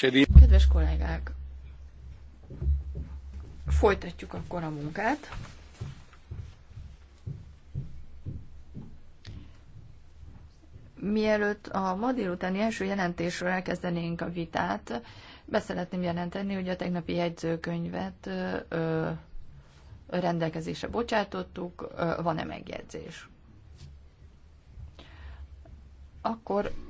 Kedves kollégák, folytatjuk akkor a munkát. Mielőtt a ma délutáni első jelentésről elkezdenénk a vitát, beszeretném jelenteni, hogy a tegnapi jegyzőkönyvet ö, rendelkezésre bocsátottuk, van-e megjegyzés? Akkor